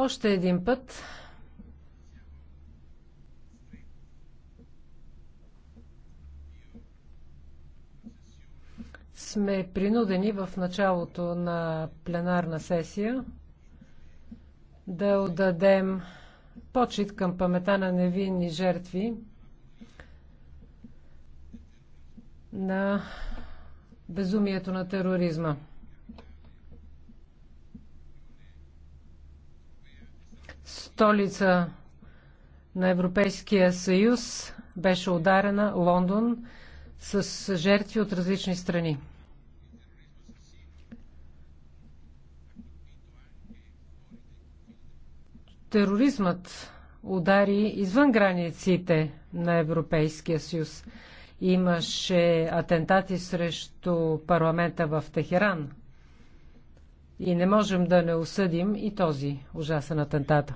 Още един път. Сме принудени в началото на пленарна сесия да отдадем почет към памета на невинни жертви на безумието на тероризма. столица на Европейския съюз беше ударена Лондон с жертви от различни страни. Тероризмът удари извън границите на Европейския съюз. Имаше атентати срещу парламента в Техеран – и не можем да не осъдим и този ужасен атентат.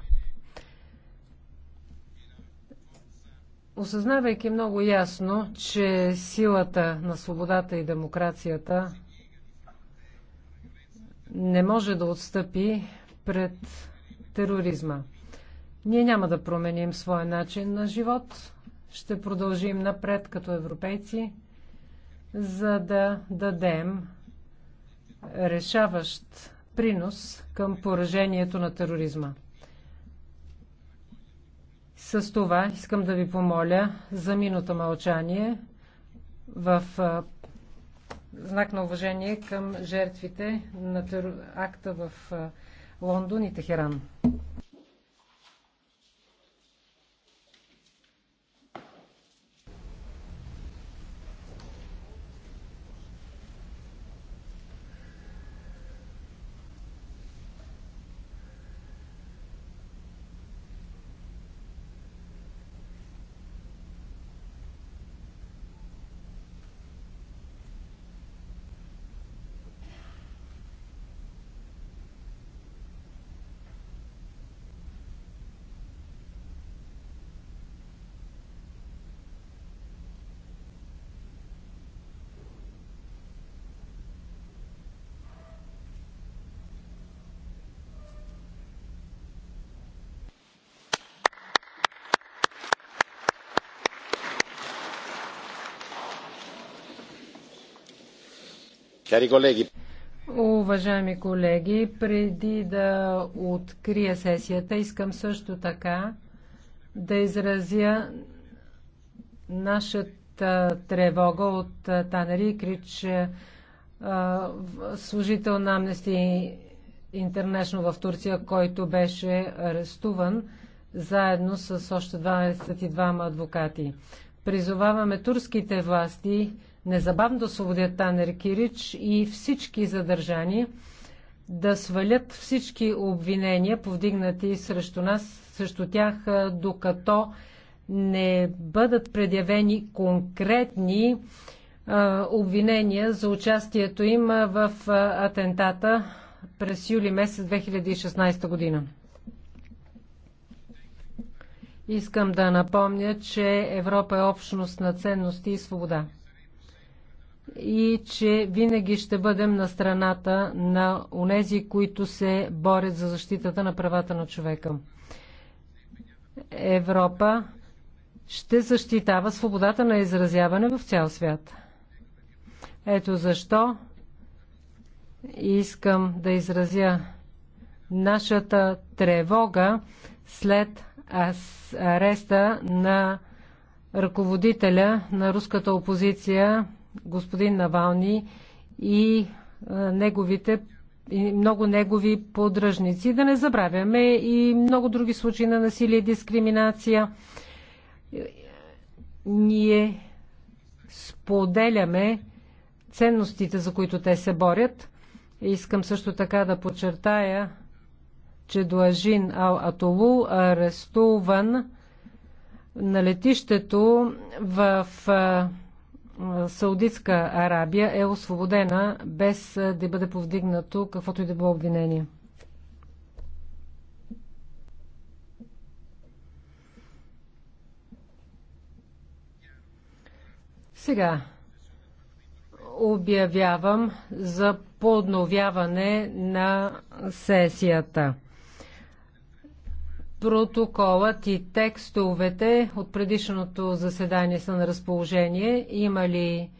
Осъзнавайки много ясно, че силата на свободата и демокрацията не може да отстъпи пред тероризма. Ние няма да променим своя начин на живот, ще продължим напред като европейци, за да дадем решаващ принос към поражението на тероризма. С това искам да ви помоля за минута мълчание в знак на уважение към жертвите на акта в Лондон и Техеран. Уважаеми колеги, преди да открия сесията, искам също така да изразя нашата тревога от Танер Икрич, служител на Amnesty International в Турция, който беше арестуван заедно с още 22 адвокати. Призоваваме турските власти незабавно да освободят Танер Кирич и всички задържани, да свалят всички обвинения, повдигнати срещу нас, срещу тях, докато не бъдат предявени конкретни а, обвинения за участието им в атентата през юли месец 2016 година. Искам да напомня, че Европа е общност на ценности и свобода и че винаги ще бъдем на страната на онези, които се борят за защитата на правата на човека. Европа ще защитава свободата на изразяване в цял свят. Ето защо искам да изразя нашата тревога след ареста на ръководителя на руската опозиция, господин Навални и неговите и много негови поддръжници. Да не забравяме и много други случаи на насилие и дискриминация. Ние споделяме ценностите, за които те се борят. Искам също така да подчертая че Длажин Ал Атолу арестуван на летището в Саудитска Арабия е освободена без да бъде повдигнато каквото и да било обвинение. Сега обявявам за подновяване на сесията. Протоколът и текстовете от предишното заседание са на разположение. Има ли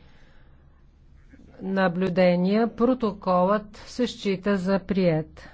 наблюдения? Протоколът се счита за прият.